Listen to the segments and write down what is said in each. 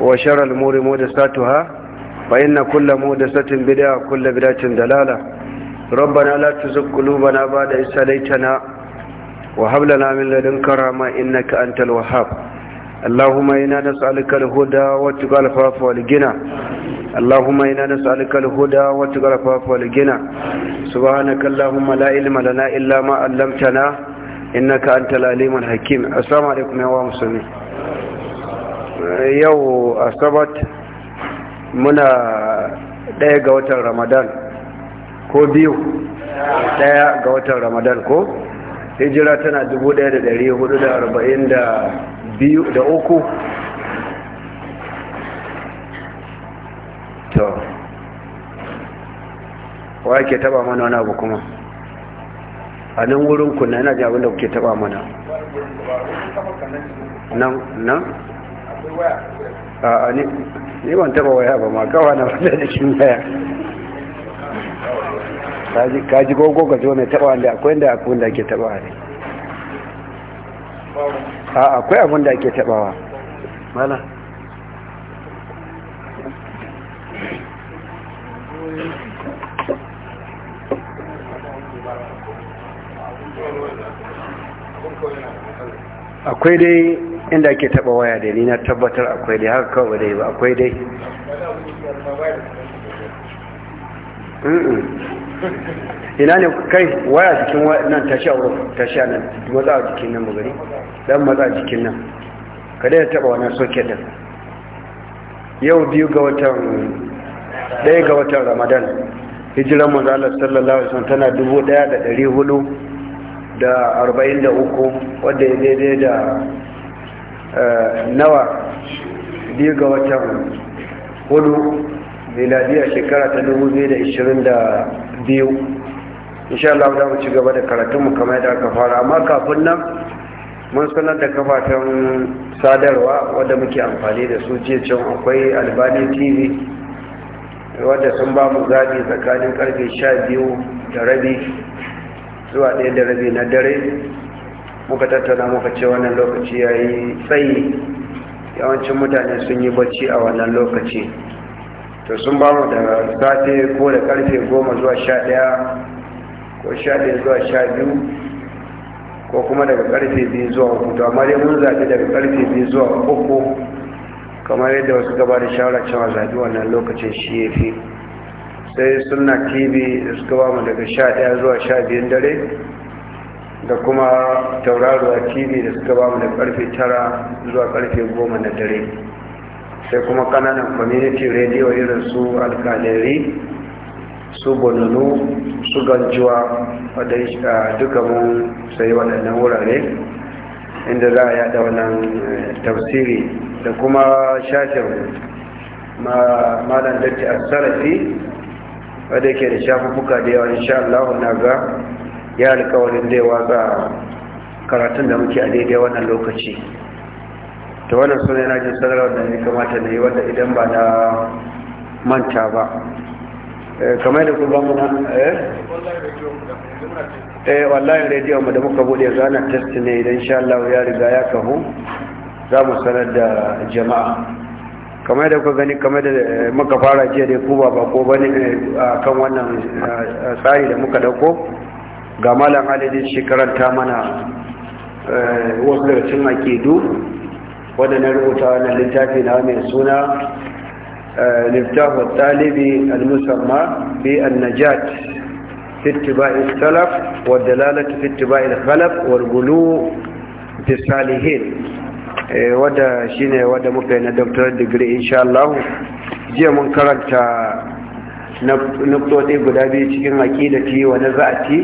wa sharar muri modestatu ha fa inna kulla modestatin bidiya kulla bidacin dalala rabbana la tuzuk qulubana ba'da idh hadaytana wa hab lana min ladunka rahma innaka antal wahhab اللهم إنا نسألك الهدى والتقى الفاف والجنى اللهم إنا نسألك الهدى والتقى الفاف والجنى سبحانك اللهم لا علم لنا إلا ما علمتنا إنك أنت العليم الحكيم السلام عليكم يا مسلمين yau asabat muna ɗaya ga watan ramadan ko biyu ɗaya ga watan ramadan ko hijira tana dubu ɗaya da ɗari da da arba'in da biyu uku. to wa ke taba mana wani abu kuma a nan wurin kunna yana jabin da ke taba mana nan nan a ni ban taba waya ba ma na wanda waya kaji gogo ga zo mai taba wanda akwai inda akwai wanda ake taba ne a akwai abin da ake tabawa mala akwai dai inda ake taba waya da ni na tabbatar akwai dai haka kawai dai ba akwai dai ina ne kai waya jikin nan tashi a wurin tashi a nan matsa a jikin nan magari dan matsa a jikin nan kada ya taba wani soket din yau biyu ga watan ɗaya ga watan ramadan hijiran manzalar sallallahu alaihi wasallam tana dubu ɗaya da ɗari hudu da arba'in da uku wadda ya daidai da Eh, nawa biyu ga watan hudu miladiyar shekara ta 2022 insha Allah za mu ci gaba da karatunmu kamar yadda aka fara amma kafin nan mun sanar da kafafen sadarwa wadda muke amfani da su jiya can akwai albani tv wadda sun ba mu zaɓi tsakanin karfe 12 da rabi zuwa 1 da rabi na dare muka tattauna muka ce wannan lokaci ya yi tsayi yawancin mutane sun yi bacci a wannan lokaci to sun ba mu da safe ko da karfe goma zuwa sha ɗaya ko sha ɗaya zuwa sha biyu ko kuma daga karfe biyu zuwa uku to amma dai mun zaɓi daga karfe biyu zuwa uku kamar yadda wasu gaba da shawara cewa zaɓi wannan lokacin shi ya fi sai suna tv da suka ba mu daga sha ɗaya zuwa sha biyun dare da kuma tauraruwa tv da suka ba mu da karfe tara zuwa karfe goma na dare sai kuma kananan community radio irin su alkaleri su bononu su ganjuwa wadda duka mun sai waɗannan wurare inda za a yada wannan eh, tafsiri da kuma shafin malam datti a sarafi wadda ke da shafufuka da yawa insha Allah na ga ya alkawarin zai watsa karatun da muke a daidai wannan lokaci ta wannan suna yana jin sanarwar da ne kamata na yi wanda idan ba na manta ba eh, kamar da kuma muna eh? eh wallahi rediyon mu da muka bude zanen test ne idan sha Allah ya riga ya kahu za mu sanar da jama'a kamar da kuka gani kamar da eh, muka fara jiya da ku ba ko bane kan wannan tsari da muka dauko ga malam adadin ta mana eh, wasu daga cin akidu wanda na rubuta wannan littafi na mai suna eh, littafin talibi al-musamma bi an-najat fi ittiba'i salaf wa lalata fi ittiba'i al-khalaf wal gulu salihin eh, wadda shine wadda muka yi na doctorate degree insha Allah jiya mun karanta nuktoti guda biyu cikin aqidati wa nazati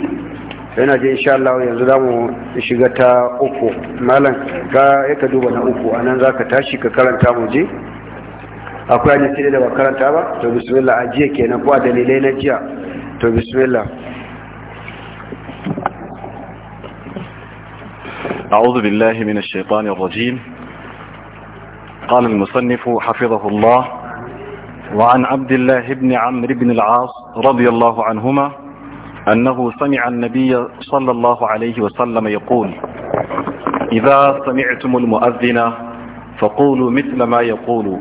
yana je insha Allah yanzu za mu shiga ta uku malam ka ya ka duba na uku a nan za ka tashi ka karanta mu je akwai hadisi da ba karanta ba to bismillah a jiya kenan ko a dalilai na jiya to bismillah أعوذ بالله من الشيطان الرجيم قال المصنف حفظه الله وعن عبد الله بن عمرو بن العاص رضي الله عنهما أنه سمع النبي صلى الله عليه وسلم يقول إذا سمعتم المؤذن فقولوا مثل ما يقول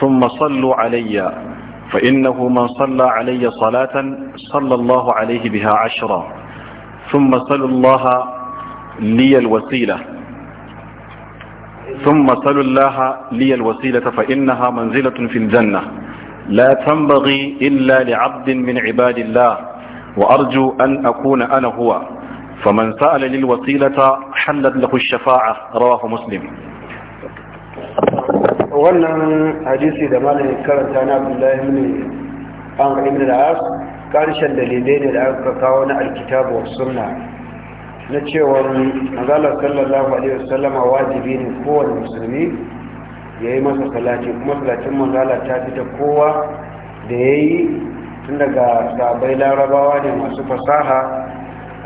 ثم صلوا علي فإنه من صلى علي صلاة صلى الله عليه بها عشرا ثم صلوا الله لي الوسيلة ثم صلوا الله لي الوسيلة فإنها منزلة في الجنة لا تنبغي إلا لعبد من عباد الله وأرجو أن أكون أنا هو فمن سأل للوسيلة حلت له الشفاعة رواه مسلم wannan hadisi da malamin karanta na abdullahi ibn an ibn al-as karshen dalilai ne da aka kawo na alkitabu wa sunna na cewa manzala sallallahu alaihi wasallama wajibi ne kowane musulmi ya yi masa salati kuma salatin manzala ta fita kowa da ya yi tun daga sabai larabawa ne masu fasaha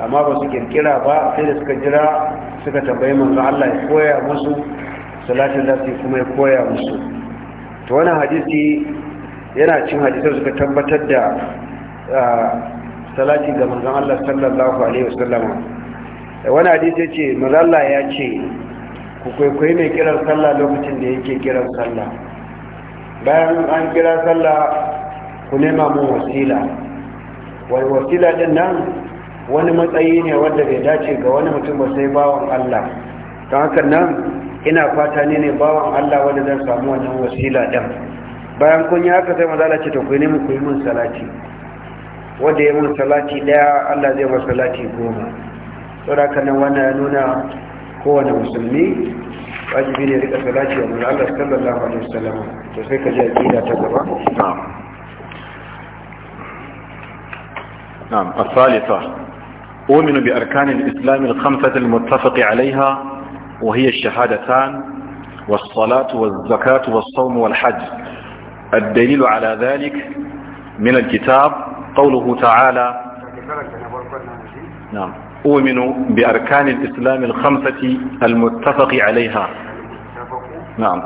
amma ba su kirkira ba sai da suka jira suka tambayi manzo Allah ya koya musu salatin da su kuma ya koya musu to wannan hadisi yana cin hadisar suka tabbatar da salati ga manzon Allah sallallahu alaihi wasallam wannan hadisi yace manzo Allah ya ce ku kwaikwayi mai kiran sallah lokacin da yake kiran sallah bayan an kira sallah ku nema mun wasila wani wasila din nan wani matsayi ne wanda bai dace ga wani mutum ba sai bawan Allah don haka nan ina fata ne ne bawan Allah wanda zan samu wannan wasila din bayan kun yi haka sai mazala ce ta ku nemi ku yi mun salati wanda ya mun salati daya Allah zai masa salati goma saboda haka nan wannan ya nuna kowane musulmi wajibi ne rika salati wa manzo Allah sallallahu alaihi wasallam to sai ka ji aqida ta gaba na'am نعم الثالثة أؤمن بأركان الإسلام الخمسة المتفق عليها وهي الشهادتان والصلاة والزكاة والصوم والحج الدليل على ذلك من الكتاب قوله تعالى نعم أؤمن بأركان الإسلام الخمسة المتفق عليها نعم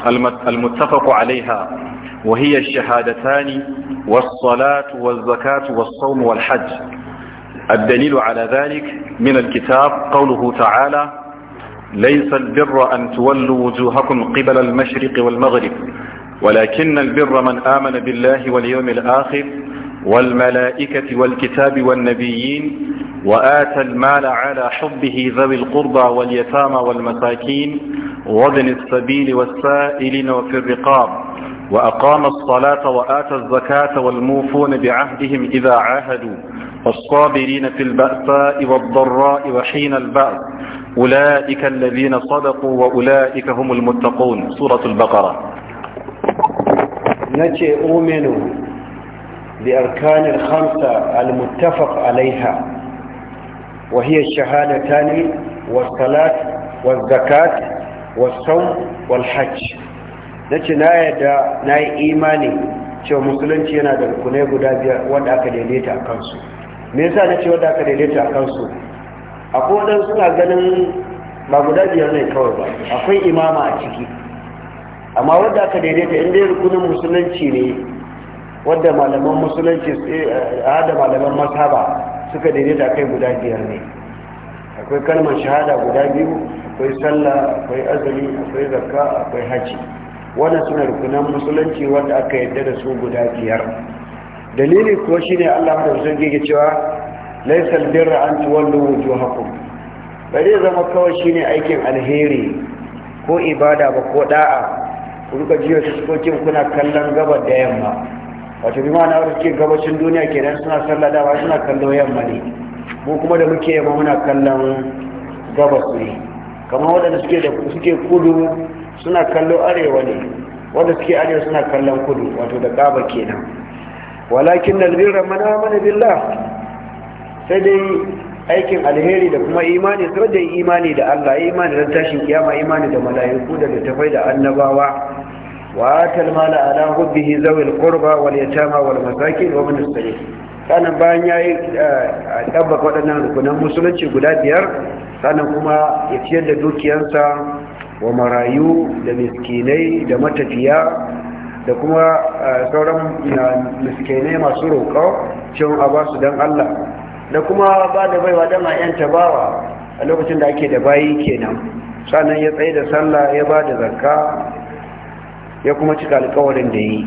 المتفق عليها وهي الشهادتان والصلاة والزكاة والصوم والحج الدليل على ذلك من الكتاب قوله تعالى ليس البر أن تولوا وجوهكم قبل المشرق والمغرب ولكن البر من آمن بالله واليوم الآخر والملائكة والكتاب والنبيين وآتى المال على حبه ذوي القربى واليتامى والمساكين وابن السبيل والسائلين وفي الرقاب وأقام الصلاة وآتى الزكاة والموفون بعهدهم إذا عاهدوا والصابرين في البأساء والضراء وحين البأس أولئك الذين صدقوا وأولئك هم المتقون سورة البقرة نجي أؤمن بأركان الخمسة المتفق عليها وهي الشهادتان والصلاة والزكاة والصوم والحج na ce na yadda na yi imani cewa musulunci yana da rukunai guda biyar wanda aka daidaita a kansu me yasa na ce wanda aka daidaita a kansu akwai wadanda suna ganin ba guda biyar ne kawai ba akwai imama a ciki amma wanda aka daidaita in dai rukunin musulunci ne wadda malaman musulunci a eh, eh, da malaman masaba suka daidaita kai guda biyar ne akwai kalmar shahada guda biyu akwai sallah akwai azumi akwai zakka akwai hajji wannan suna rukunan musulunci wanda aka yadda da su guda biyar dalili kuwa shine Allah madaukakin gege cewa laifin birra an tuwallu haku bari zama kawai shine aikin alheri ko ibada ba ko da'a ku rika jiya fuskokin kuna kallon gaba da yamma wato bi ma'ana wata cikin gabashin duniya kenan suna sallah dama suna kallon yamma ne mu kuma da muke yamma muna kallon gabas ne kamar waɗanda suke da suke kudu suna kallo arewa ne wadanda suke arewa suna kallon kudu wato da gaba kenan walakin da albirra mana amana billah sai dai aikin alheri da kuma imani sai dai imani da Allah imani da tashin kiyama imani da mala'iku da littafai da annabawa wa atal mala ala hubbihi zawil qurba wal yatama wal masakin wa min as kana bayan yayi dabba eh, waɗannan rukunan musulunci guda biyar sannan kuma ya ciyar da dukiyarsa wa marayu da miskinai da matafiya da kuma sauran miskinai masu roƙo cin a ba don Allah da kuma ba da baiwa don a yanta bawa a lokacin da ake da bayi kenan sannan ya tsaye da sallah ya ba da zakka ya kuma cika alkawarin da yi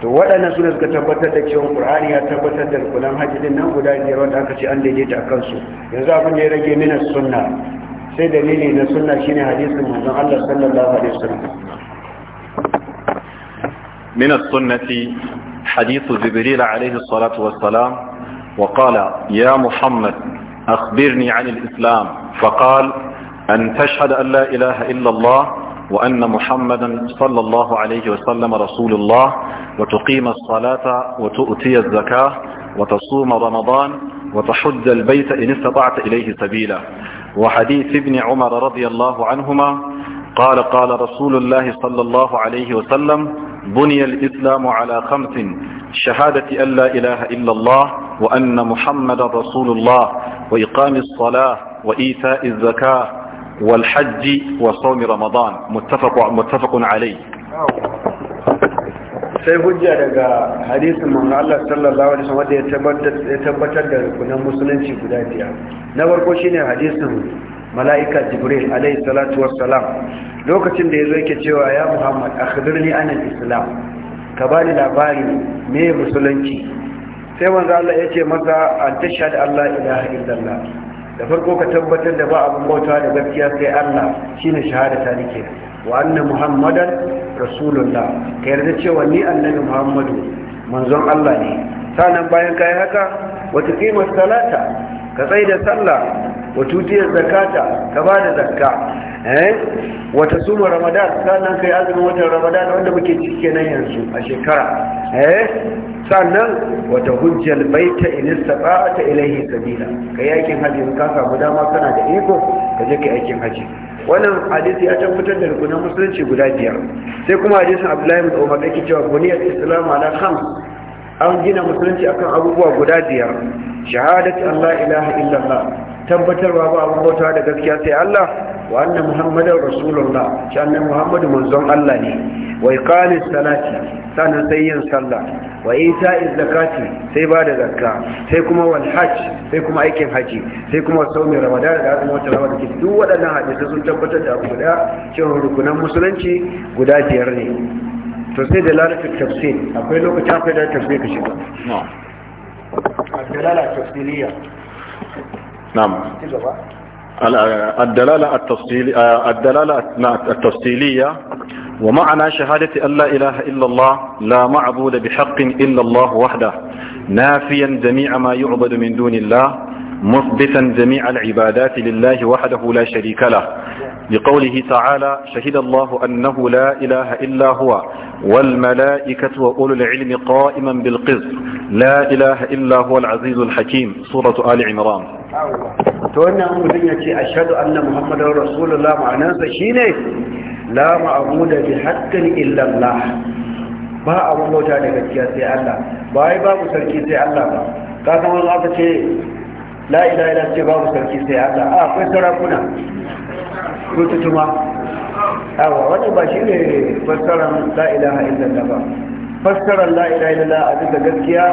to waɗannan suna suka tabbatar da cewa ƙur'ani ya tabbatar da rukunan hajji din nan guda biyar wanda aka ce an daidaita a kansu yanzu abin da ya rage mina sunna sai dalili na sunna shine hadisin manzon Allah sallallahu alaihi wasallam من السنة حديث جبريل عليه الصلاة والسلام وقال يا محمد أخبرني عن الإسلام فقال أن تشهد أن لا إله إلا الله وأن محمدا صلى الله عليه وسلم رسول الله وتقيم الصلاة وتؤتي الزكاة وتصوم رمضان وتحج البيت إن استطعت إليه سبيلا وحديث ابن عمر رضي الله عنهما قال قال رسول الله صلى الله عليه وسلم بني الإسلام على خمس شهادة أن لا إله إلا الله وأن محمد رسول الله وإقام الصلاة وإيتاء الزكاة والحج وصوم رمضان متفق, متفق عليه sai hujja daga hadisin manzo Allah sallallahu alaihi wasallam wanda ya tabbatar da rukunan musulunci guda biyar na farko shine hadisin malaika jibril alaihi salatu wassalam lokacin da ya yake cewa ya muhammad akhbirni an al-islam ka bani labari me musulunci sai manzo Allah yace masa an da Allah ilaha illallah da farko ka tabbatar da ba abun bauta da gaskiya sai Allah shine shahada ta nake wa muhammadan rasulullah ka yarda cewa ni annabi muhammadu manzon Allah ne sanan bayan kai haka wata tuqima salata ka tsai da sallah wa tutiyar zakata ka ba da zakka eh wa tasuma ramadan sanan kai azumin watan ramadan wanda muke ciki kenan yanzu a shekara eh sannan wata hujjal baita in istata'ta ilaihi sabila kai yakin haji ka samu dama kana da iko ka je kai aikin haji wannan hadisi ya tabbatar da rukunan musulunci guda biyar sai kuma hadisin abdullahi bin umar da ke cewa buniyar islam ala khams an gina musulunci akan abubuwa guda biyar shahadatu an la ilaha illallah tabbatarwa ba abin bauta da gaskiya sai Allah wa anna muhammadar rasulullah shi annan muhammadu manzon Allah ne wa iqamis salati sanan sai yin sallah wa ita'iz zakati sai ba da zakka sai kuma wal hajj sai kuma aikin haji sai kuma saumin ramadan da azumin wata ramadan duk waɗannan hadisi sun tabbatar da abu guda cewa rukunan musulunci guda biyar ne to sai da lalata tafsir akwai lokaci akwai da tafsir ka shiga no al-dalala tafsiriyya نعم الدلالة التفصيلية آه، الدلالة نعم، التفصيلية ومعنى شهادة أن لا إله إلا الله لا معبود بحق إلا الله وحده نافيا جميع ما يعبد من دون الله مثبتا جميع العبادات لله وحده لا شريك له لقوله تعالى شهد الله أنه لا إله إلا هو والملائكة وأولو العلم قائما بالقسط لا إله إلا هو العزيز الحكيم سورة آل عمران to wannan mutum ya ce ashhadu anna muhammadar rasulullah shi ne? la da bi haqqin illa allah ba a bauta da gaskiya sai Allah ba wai babu sarki sai Allah ba ka san wani aka ce la ce babu sarki sai Allah a akwai sarakuna ko tutuma awa wannan ba shi ne fassaran la ilaha illa ba fassaran la ilaha illa a duka gaskiya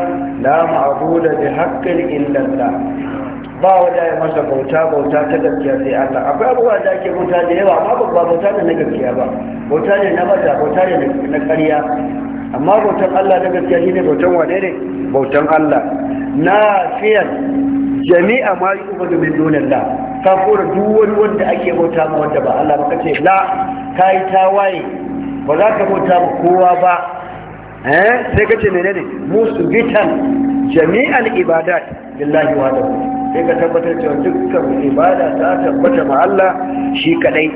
la da bi haqqin illa Allah ba wajen ya masa bauta bauta ta gaskiya sai Allah akwai abubuwa da ake bauta da yawa amma ba bauta ne na gaskiya ba bauta ne na mata bauta ne na ƙarya amma bautan Allah na gaskiya shine bautan wane ne bautan Allah na fiyan jami'a ma yi da min dunillah ka kora duk wani wanda ake bauta ma wanda ba Allah ba kace la kai tawaye ba za ka bauta ma kowa ba eh sai kace menene musu bitan jami'al ibadat lillahi wahdahu sai ka tabbatar cewa dukkan ibada ta tabbata ma Allah shi kadai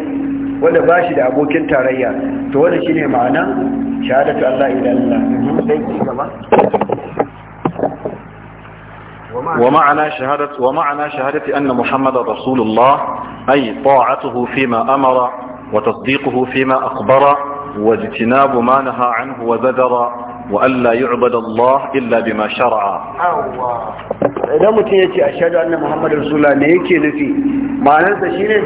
wanda ba shi da abokin tarayya to wannan shine ma'ana shahadatu Allah ila Allah sai ki gaba ومعنى شهادة ومعنى شهادة أن محمد رسول الله أي طاعته فيما أمر وتصديقه فيما أخبر واجتناب ما نهى عنه وزجر وأن لا يعبد الله إلا بما شرع idan mutum ya ce a shaɗu annan muhammad rasulullah ne yake nufi ma'anarsa shi ne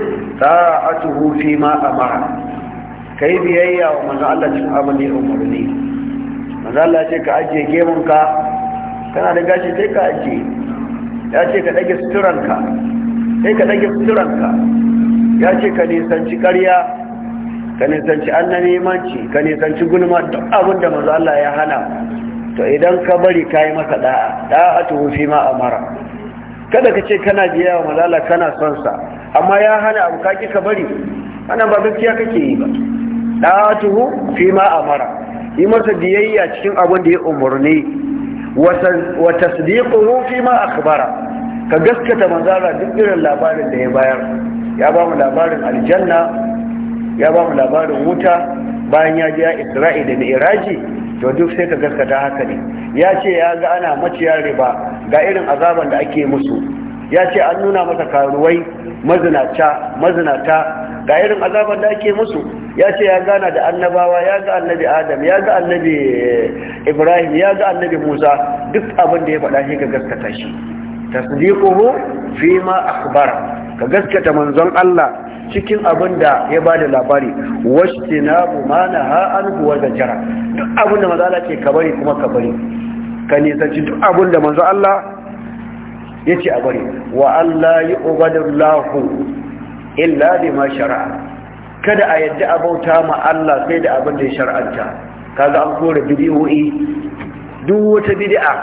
ta'atuhu fi ma mara. ka yi biyayya wa manzan Allah cikin amali umarni manzan Allah ce ka ajiye gemunka kana da gashi sai ka ajiye ya ce ka ɗage suturanka sai ka ɗage suturanka ya ce ka nisanci ƙarya ka nisanci annan imanci, ka nisanci gulma duk abin da manzo Allah ya hana to idan ka bari ka yi masa da'a da'atu fi ma mara. kada ka ce kana biya wa manzo kana son sa amma ya hana abu kaki ka bari ana ba gaskiya kake yi ba Da'a da'atuhu fi ma mara. yi masa biyayya cikin abin da ya umarni wa tasdiquhu fi ma akhbara ka gaskata manzara duk irin labarin da ya bayar ya ba mu labarin aljanna ya ba mu labarin wuta bayan ya je ya isra'i da mi'raji to duk sai ka gaskata haka ne ya ce ya ga ana maciya riba ga irin azaban da ake musu ya ce an nuna masa karuwai mazinata mazinata ga irin azaban da ake musu ya ce ya gana da annabawa ya ga annabi adam ya ga annabi eh, ibrahim ya ga annabi musa duk abin da ya faɗa shi ka gaskata shi tasdiquhu fima ma akhbara ka gaskata manzon Allah cikin abin da ya ba da labari washti na bumana ha an buwa da jara duk abin da manzo Allah ce ka kuma kabari. ka nisanci duk abin da manzo Allah ya ce a bari wa Allah yi ubadallahu illa ma shara'a kada a yadda abauta ma Allah sai da abin da ya shar'anta kaga an kore bid'o'i duk wata bid'a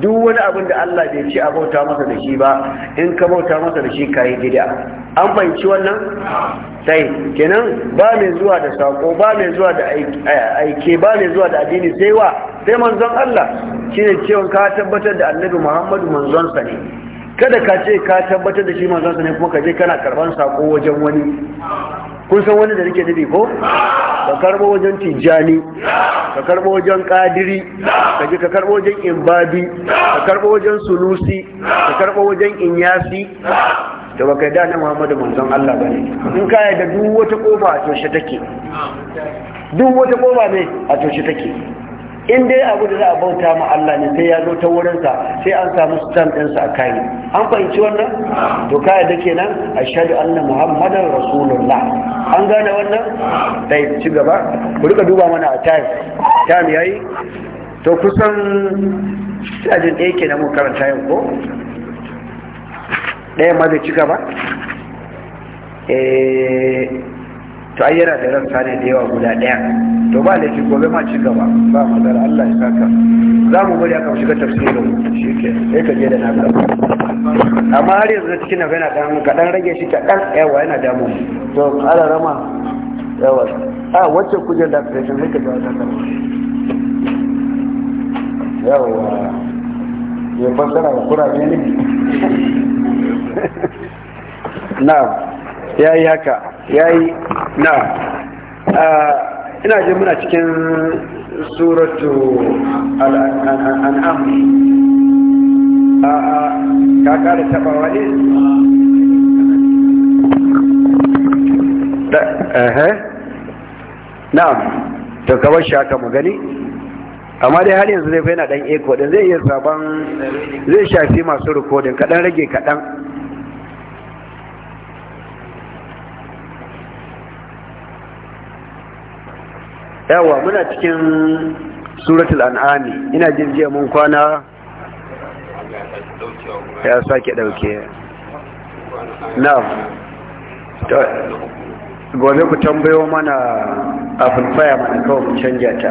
duk wani abin da Allah bai ci a bauta masa da shi ba in ka bauta masa da shi kayi gida an banci wannan sai kenan ba mai zuwa da sako ba mai zuwa da aike ba mai zuwa da addini sai wa sai manzon Allah shine cewa ka tabbatar da annabi Muhammadu manzon sa ne kada ka ce ka tabbatar da shi manzon sa ne kuma ka je kana karban sako wajen wani kun san wani da nake nufi ko ka karbo wajen tijjani ka karbo wajen kadiri ka ji ka karbo wajen imbabi ka karbo wajen sulusi ka karbo wajen inyasi da baka da na Muhammadu manzon Allah bane in ka da duk wata kofa a toshe take duk wata kofa ne a toshe take in dai abu da za a bauta ma Allah ne sai ya zo ta wurinsa sai an samu stamp ɗinsa a kai an fahimci wannan to kai da kenan ashhadu anna muhammadan rasulullah an gane wannan dai ci gaba ku rika duba mana a time time yayi to kusan ajin yake na mu karanta yau ko ɗaya ma da ci gaba eh to ai yana da rassa ne da yawa guda ɗaya to ba laifi gobe ma ci gaba ba matsala Allah ya saka za mu bari aka shiga tafsirin shi ke sai ka je da na amma har yanzu na cikin nafai na dan kaɗan rage shi kaɗan yawa yana damu to ala rama yawa a wacce kujer da ka shin ka jawo ta yawa ya fassara kura kurame ne na ya yi haka yayi na ah, ina jin muna cikin suratu al'an'am a ah, ah, ka kare tabawa ne eh, na to kawar shi aka mu gani amma dai har yanzu zai fi na dan eko din zai yi sabon zai shafi masu rikodin kaɗan rage kaɗan yawa muna cikin suratul an'ami ina jin jiya mun kwana ya sake dauke na gobe ku tambayo mana a fulfaya mana kawai mu canja ta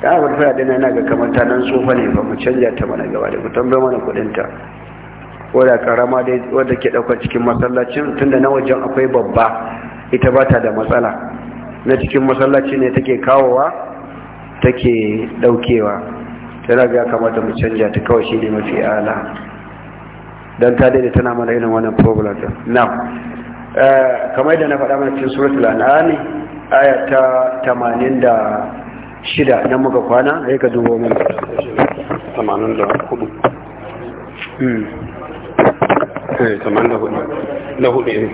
ta fulfaya dina yana ga kamar ta nan tsofa ne ba mu canja ta mana gaba da ku tambayo mana kudinta wadda karama dai wadda ke ɗaukar cikin masallacin tunda na wajen akwai babba ita ba ta da matsala na cikin masallaci ne take kawowa take daukewa tana ga kamata mu canja ta kawai shine mafi ala dan ta daidai tana mana irin wannan problem din now eh, kamar yadda na faɗa mana cikin suratul an'am aya ta 86 idan muka kwana sai ka dubo da 84 mm eh hudu na hudu eh.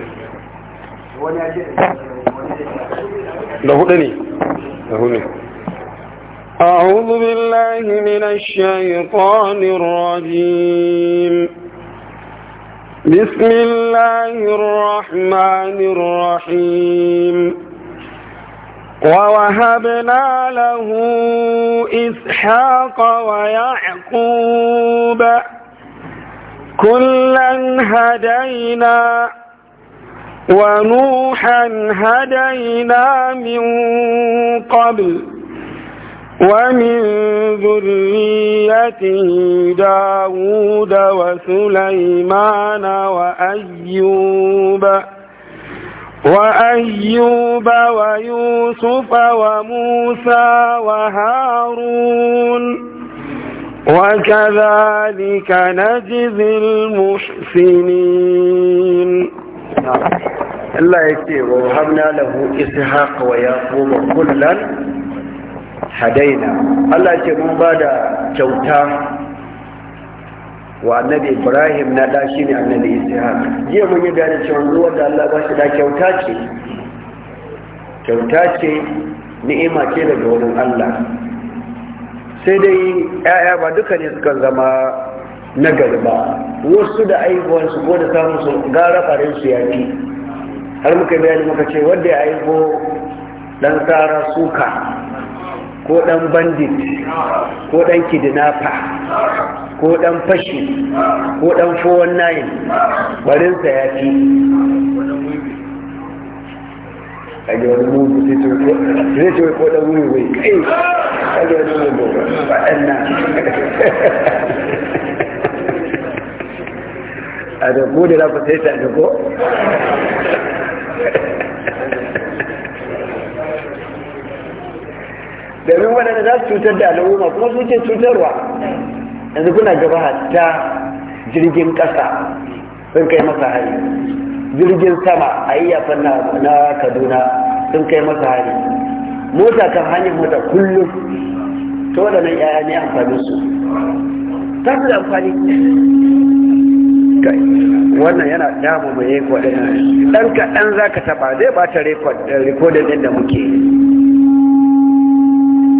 wani ya ce da hudu أعوذ بالله من الشيطان الرجيم بسم الله الرحمن الرحيم ووهبنا له إسحاق ويعقوب كلا هدينا ونوحا هدينا من قبل ومن ذريته داود وسليمان وأيوب وأيوب ويوسف وموسى وهارون وكذلك نجزي المحسنين Allah ya ce wa wahabna lahu ishaq wa yaqub kullan hadaina Allah ce mun ba da kyauta wa annabi Ibrahim na da shi ne annabi ishaq jiya mun yi bayani cewa ruwa da Allah ba shi da kyauta ce kyauta ce ni'ima ce daga wurin Allah sai dai 'ya'ya ba duka ne suka zama na garba wasu da aihuwarsu ko da samun su gara farin su yaki har muka bayani muka ce wanda ya aiko dan tsara suka ko dan bandit ko dan kidnapper ko dan fashi ko dan 419 barin sa ya yaki a ga wani mugu sai ce zai ce ko dan wuri wai kai a ga wani mugu na a da ku da za ku sai ta da ko domin waɗanda za su cutar da al'umma kuma su ce cutarwa yanzu kuna gaba hatta jirgin ƙasa sun kai masa hari jirgin sama a iya na kaduna sun kai masa hari mota kan hanyar mota kullum ta waɗannan yaya ne amfani su ta fi da amfani kai wannan yana damu mai yi kwaɗin ɗan kaɗan za ka taɓa zai ba ta rikodin ɗin da muke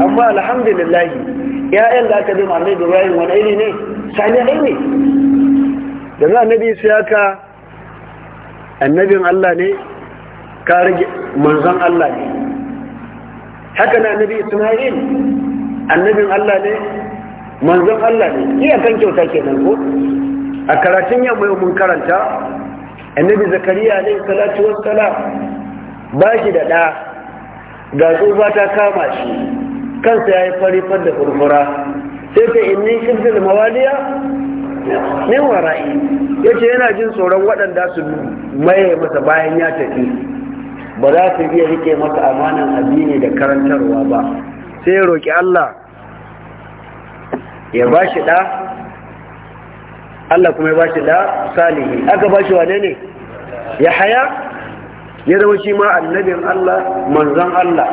amma alhamdulillahi ya'yan da aka zama annabi ibrahim wani iri ne sani ne ne da za annabi su yaka annabin allah ne ka rage manzan allah ne haka na annabi isma'il annabin allah ne manzan allah ne kan kyauta kenan ko a karatun yamma yau mun karanta annabi zakariya ne salatu wassalam ba shi da ɗa ga tsufa ta kama shi kansa ya yi farifar da furfura sai ka inni shirfil mawaliya min wara'i ya ce yana jin tsoron waɗanda su maye masa bayan ya tafi ba za su iya rike masa amanan addini da karantarwa ba sai ya roƙi Allah ya ba shi ɗa Allah kuma ya bashi la salihi aka bashi wane ne ya haya ya zama shi ma annabin Allah manzon Allah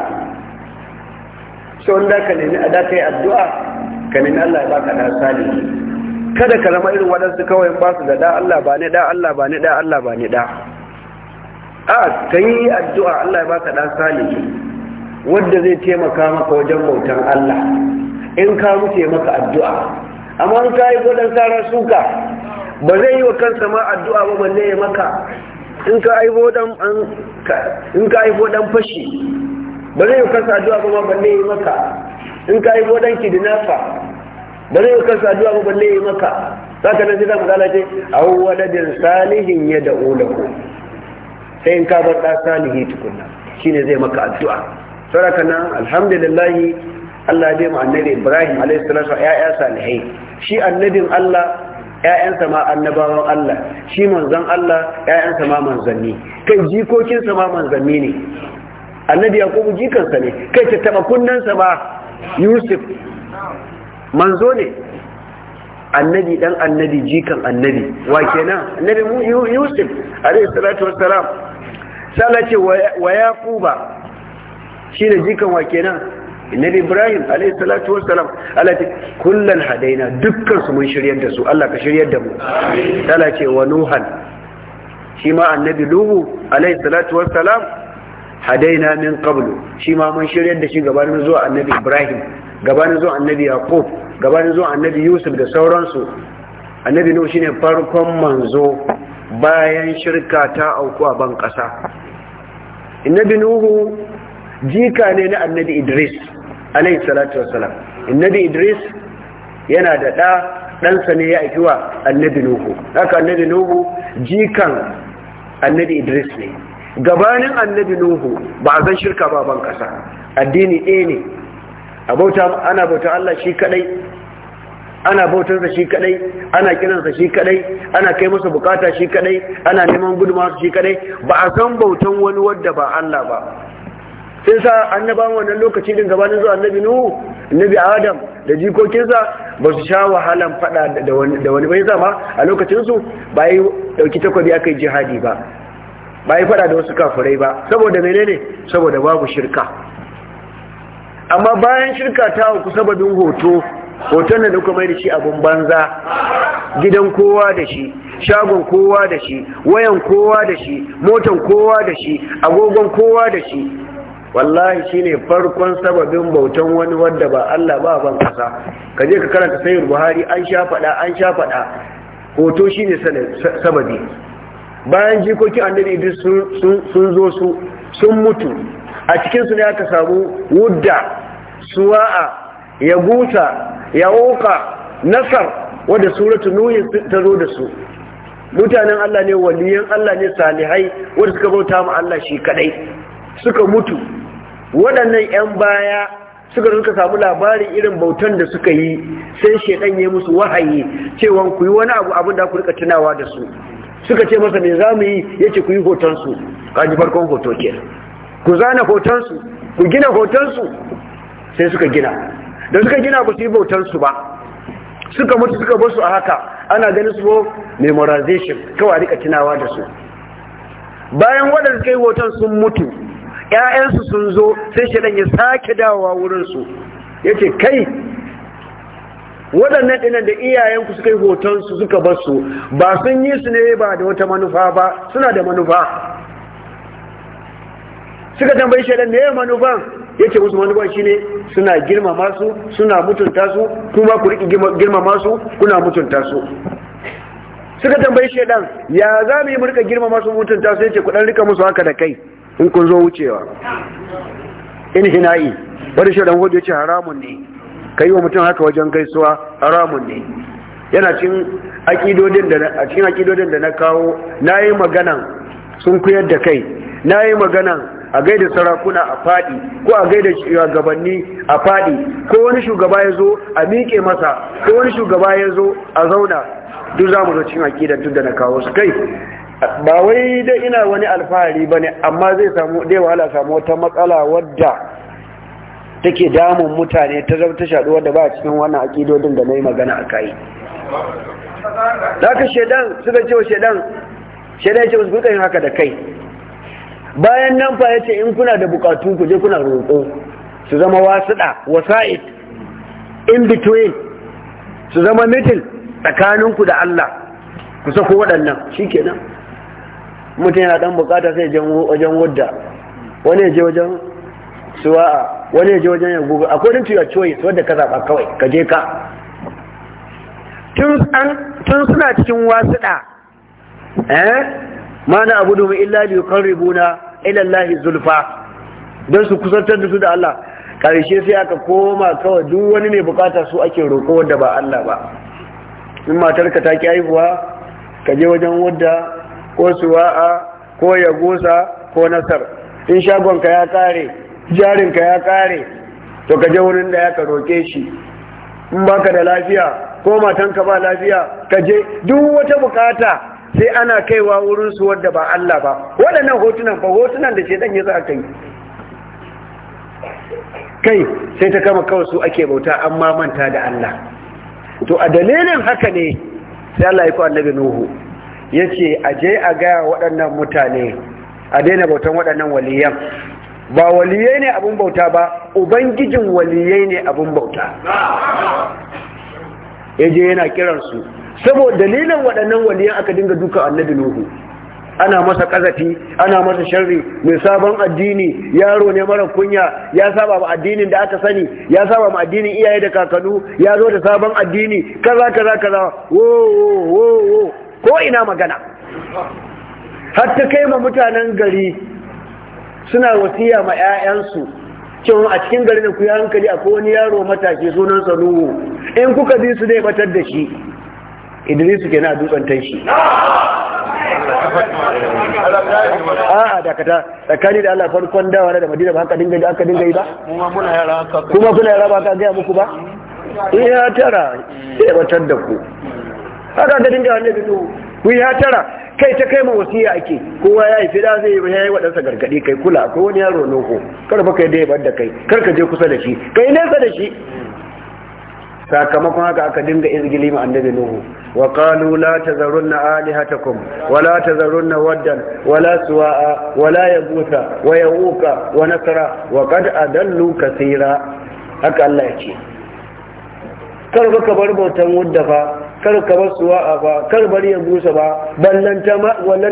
sau da ka nemi a da ka yi addu'a ka nemi Allah ya baka da salihi kada ka zama irin waɗansu kawai ba su da da Allah ba ne da Allah ba ne da Allah ba ne da a ka yi addu'a Allah ya baka da salihi wadda zai taimaka maka wajen bautan Allah in ka mutu maka addu'a amma an kayi gudun tsara suka ba zai yi wa kansa ma addu'a ba balle ya maka in ka haifo ɗan fashi ba zai yi wa kansa addu'a ba ma balle ya maka in ka aifo dan dinafa ba zai yi wa kansa addu'a ba balle ya maka za ka nazi da misala ce aw salihin ya da lahu sai in ka bar da salihi tukunna shine zai maka addu'a saraka nan alhamdulillah Allah ya bai mu annabi Ibrahim alaihi salatu ya'ya salihai shi annabin Allah ƴaƴansa ma annabawan Allah shi manzon Allah ƴaƴansa ma manzanni kai jikokinsa ma manzanni ne annabi ya yaqubu jikansa ne kai ta taba kunnensa ba yusuf manzo ne annabi dan annabi jikan annabi wa kenan annabi yusuf alayhi salatu wassalam sai ce wa yaquba shine jikan wa kenan annabi ibrahim alayhi salatu wassalam Allah ce kullan hadaina dukkan su mun shiryar da su Allah ka shiryar da mu Amin. Allah ce wa nuhan shi ma annabi luhu alayhi salatu wassalam hadaina min qablu shi ma mun shiryar da shi gabanin zuwa annabi ibrahim gabanin zuwa annabi yaqub gabanin zuwa annabi yusuf da sauransu annabi nuhu shine farkon manzo bayan shirka ta auku a ban kasa annabi nuhu jika ne na annabi idris alaihi salatu salam. annabi idris yana da ɗa ɗansa ne ya aiki wa annabi nuhu haka annabi nuhu jikan annabi idris ne gabanin annabi nuhu ba a zan shirka ba ban kasa addini ɗaya ne ana bauta allah shi kaɗai ana bautar da shi kadai ana kiransa shi kadai ana kai masa bukata shi kadai ana neman gudunmawa shi kaɗai. ba a san bautan wani wadda ba Allah ba sai sa annabawan wannan lokaci din gabanin zuwa annabi nuhu annabi adam da jikokinsa ba su sha wahalan fada da wani bai zama a lokacinsu ba yi dauki takwabi aka yi jihadi ba ba yi fada da wasu kafurai ba saboda ne saboda babu shirka amma bayan shirka ta hauku sababin hoto hoton na duka mai da shi abin banza gidan kowa da shi shagon kowa da shi wayan kowa da shi motan kowa da shi agogon kowa da shi wallahi shine farkon sababin bautan wani wanda ba Allah ba ban kasa ka je ka karanta sayyid buhari an sha fada an sha fada hoto shine sababi bayan jikokin annabi idris sun zo su sun mutu a cikin su ne aka samu wudda suwa'a ya guta ya nasar wadda suratu nuhin ta zo da su mutanen Allah ne waliyan Allah ne salihai wadda suka bauta ma Allah shi kadai suka mutu waɗannan 'yan baya suka suka samu labarin irin bautan da suka yi sai shekan ya musu wahayi cewa ku yi wani abu abin da ku rika tunawa da su suka ce masa me zamu yi yace ku yi hoton su ji farkon hoto ke. ku zana hoton ku gina hoton su sai suka gina da suka gina ba su yi bautan ba suka mutu suka bar su a haka ana ganin su memorization kawai rika tunawa da su bayan waɗanda suka yi hoton sun mutu ƴaƴansu sun zo sai shi ya sake dawowa wurinsu ya yace kai waɗannan ɗinan da iyayenku suka yi hotonsu suka bar su ba sun yi su ne ba da wata manufa ba suna da manufa suka tambayi shaidan ne manufan yace musu manufan ne? suna girmama su suna mutunta su kuma ku riƙi girmama su kuna mutunta su suka tambayi shaidan ya za mu yi mu riƙa girmama su mutunta su yace ku ɗan rika musu haka da kai in kun zo wucewa in hina'i wani shaɗan hudu ya ce haramun ne ka yi wa mutum haka wajen gaisuwa haramun ne yana a cikin akidodin da na kawo na yi maganan sun kuyar da kai na yi maganan a gaida sarakuna a faɗi ko a gaida shugabanni a faɗi ko wani shugaba ya zo a miƙe masa ko wani shugaba ya zo a zauna duk za mu zo cikin akidar duk da na kawo su kai ba wai dai ina wani alfahari ba ne amma zai samu dai wahala samu wata matsala wadda take damun mutane ta zama ta shaɗu wadda ba a cikin wannan aƙidodin da na yi magana a kai da aka shaidan suka ce wa shaidan shaidan ce wasu kuka yin haka da kai bayan nan fa ya in kuna da bukatu ku je kuna roƙo su zama wasuɗa wasa'id in between su zama mitin, tsakaninku da Allah ku sako waɗannan shi kenan mutum yana dan bukata sai wajen wadda wani ya je wajen suwa'a wani ya je wajen ya akwai according to coyi su wadda ka zaɓa kawai ka je ka tun suna cikin wasuɗa eh ma na abu domin illa biyu kan ribuna ilallahi zulfa don su kusantar da su da Allah ƙarshe sai aka koma kawai duk wani mai bukata su ake roƙo wadda ba Allah ba in matarka ta ki haihuwa ka je wajen wadda ko suwa'a ko Yagusa, ko nasar in shagonka ya kare jarinka ya kare to ka je wurin da ya ka roke shi in baka da lafiya ko matanka ba lafiya ka je duk wata bukata sai ana kaiwa wurin su wadda ba Allah ba waɗannan hotunan ba hotunan da shedan ya sa yi kai sai ta kama kawai su ake bauta amma manta da Allah to a dalilin haka ne sai Allah ya ku annabi Nuhu ya ce a je a gaya waɗannan mutane a daina bautan waɗannan waliyan ba waliyai ne abin bauta ba ubangijin waliyai ne abin bauta ya je yana kiransu saboda dalilin waɗannan waliyan aka dinga duka annabi nuhu ana masa ƙazafi ana masa sharri mai sabon addini yaro ne mara kunya ya saba ma addinin da aka sani ya saba ma addinin iyaye da kakannu ya zo da sabon addini kaza kaza kaza wo wo wo ko ina magana har ta kai ma mutanen gari suna wasiya ma 'ya'yansu cewa a cikin gari da ku yi hankali a wani yaro matashi sunan sanuhu in kuka bi su zai batar da shi su ke na dutsantar shi a'a dakata tsakani da Allah farkon dawa da madina ba haka dinga yi ba kuma kuna yara ba ka gaya muku ba mm. iya tara sai batar da ku haka ga dinga da to ku ya tara kai ta kai ma wasiya ake kowa ya yi fida zai yi yayi wadansa gargadi kai kula akwai wani yaro noko kar fa kai dai bar da kai kar ka je kusa da shi kai nesa da shi sakamakon haka aka dinga izgili annabi nuhu wa qalu la tazarunna alihatakum wa la tazarunna waddan wa la suwa'a wa la yabusa wa yawuka wa nasra wa qad adallu kaseera haka Allah ya ce kar ka bar bautan wadda fa kar ka bar suwa a ba kar bari ya busa ba wannan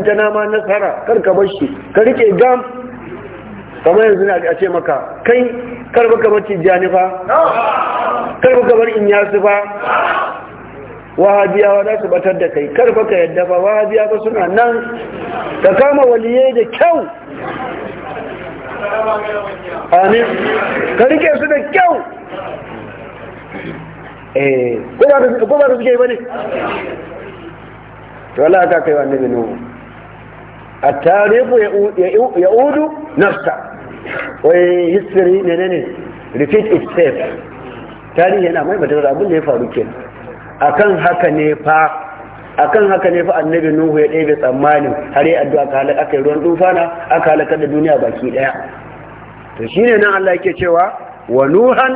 ta nama nasara kar ka bar shi ka rike gam kamar yanzu na a ce maka kai kar ka bar tijjani ba kar ka bar in yasu ba wahabiyawa za su batar da kai kar ka yadda ba wahabiya ba suna nan ka kama waliye da kyau amin ka rike su da kyau eh ko ba da suke bane to Allah ka kai annabi nuhu A at ya udu nafsa wa history ne ne ne? repeat itself tarihi yana mai bata da abin da ya faru kenan akan haka ne fa akan haka ne fa annabi nuhu ya ɗebe tsammanin har yi addu'a ka halaka aka yi ruwan tufana aka halaka da duniya baki ɗaya to shine nan Allah yake cewa wa nuhan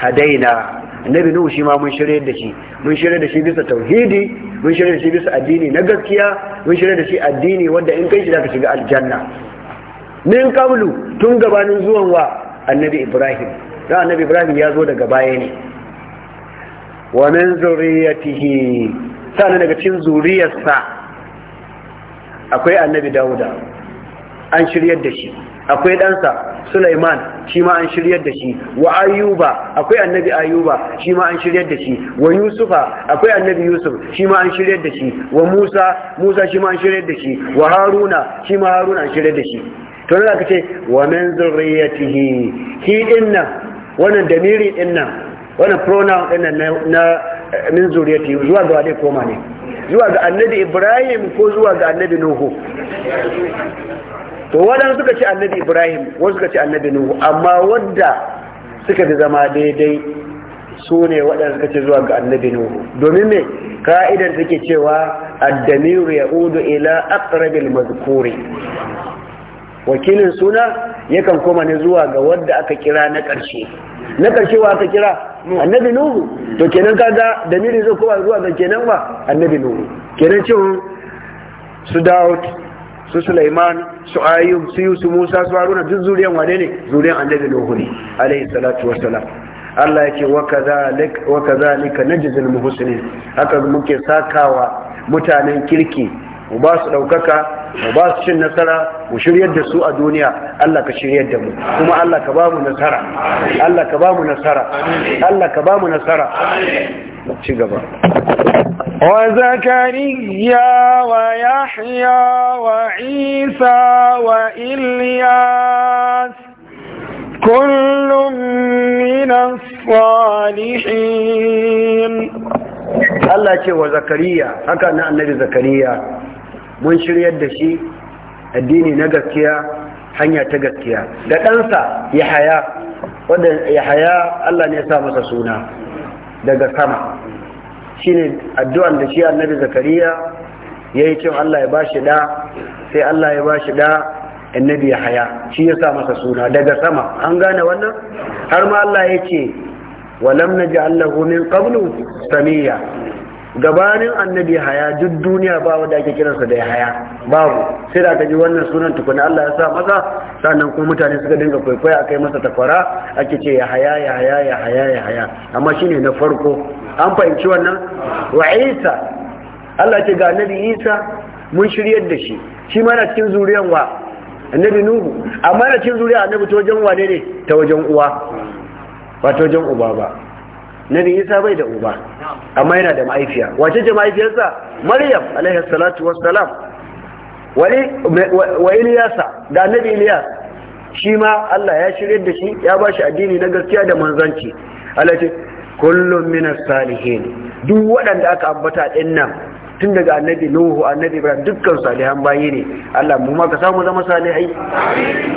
hadaina annabi nuhu shi ma mun shirye da shi mun shirye da shi bisa tauhidi mun shirye da shi bisa addini na gaskiya mun shirye da shi addini wanda in kai shi zaka shiga aljanna min qablu tun gabanin zuwan wa annabi ibrahim da annabi ibrahim ya zo daga baya ne wa min zuriyatihi sanan daga cikin zuriyarsa akwai annabi dauda an shiryar da shi akwai ɗansa Sulaiman shi ma an shiryar da shi wa Ayuba akwai annabi Ayuba shi ma an shiryar da shi wa Yusufa akwai annabi Yusuf shi ma an shiryar da shi wa Musa Musa shi ma an shiryar da shi wa Haruna shi ma Haruna an shiryar da shi to nan aka ce wa min zurriyatihi hi dinnan wannan damiri dinnan wannan pronoun dinnan na min zurriyatihi zuwa ga wade koma ne zuwa ga annabi Ibrahim ko zuwa ga annabi Nuhu to wadan suka ce annabi ibrahim wasu suka ce annabi nuhu amma wadda suka fi zama daidai su ne waɗanda suka ce zuwa ga annabi nuhu domin me ka'idar take cewa addamiru ya udu ila aqrabil mazkuri wakilin suna yakan koma ne zuwa ga wadda aka kira na ƙarshe na ƙarshe wa aka kira annabi nuhu to kenan kaga damiri zai koma zuwa ga kenan wa annabi nuhu kenan cewa su dawo su Sulaiman su Ayyub su Yusuf Musa su Haruna duk zuriyan wane ne zuriyan Annabi Nuhu ne alayhi salatu wassalam Allah yake wa kadhalika wa kadhalika najzil muhsinin haka muke sakawa mutanen kirki mu ba su ɗaukaka mu ba su cin nasara mu shiryar da su a duniya Allah ka shiryar da mu kuma Allah ka ba mu nasara Allah ka ba mu nasara Allah ka ba mu nasara ci gaba وزكريا ويحيى وعيسى وإلياس كل من الصالحين Allah ce wa zakariya haka na annabi zakariya mun shiryar da shi addini na gaskiya hanya ta gaskiya da ɗansa ya haya wanda ya haya Allah ne ya sa masa suna daga sama shine addu'an da shi annabi zakariya ya yi cewa Allah ya ba shi da sai Allah ya ba shi da annabi ya haya shi ya sa masa suna daga sama an gane wannan har ma Allah ya ce walam na ji Allah min qablu samiya gabanin annabi haya duk duniya ba wanda ake kiransa da haya babu sai da aka ji wannan sunan tukuna Allah ya sa masa sannan kuma mutane suka dinga kwaikwaya akai masa takwara ake ce ya haya ya haya ya haya ya haya amma shine na farko an fahimci wannan wa Isa Allah ce ga annabi Isa mun shiryar da shi shi ma na cikin zuriyan wa annabi Nuhu amma na cikin zuriya annabi ta wajen wane ne ta wajen uwa ba ta wajen uba ba nabi isa bai da uba amma yana da ma'aifiya. wace ce mahaifiyarsa maryam alaihi salatu wassalam wani wa iliyasa da annabi iliyas shi ma Allah ya shirye da shi ya bashi addini na gaskiya da manzanci Allah ce kullum minas salihin duk waɗanda aka ambata din nan tun daga annabi nuhu annabi ibrahim dukkan salihan bayi ne Allah mu ma ka samu zama salihai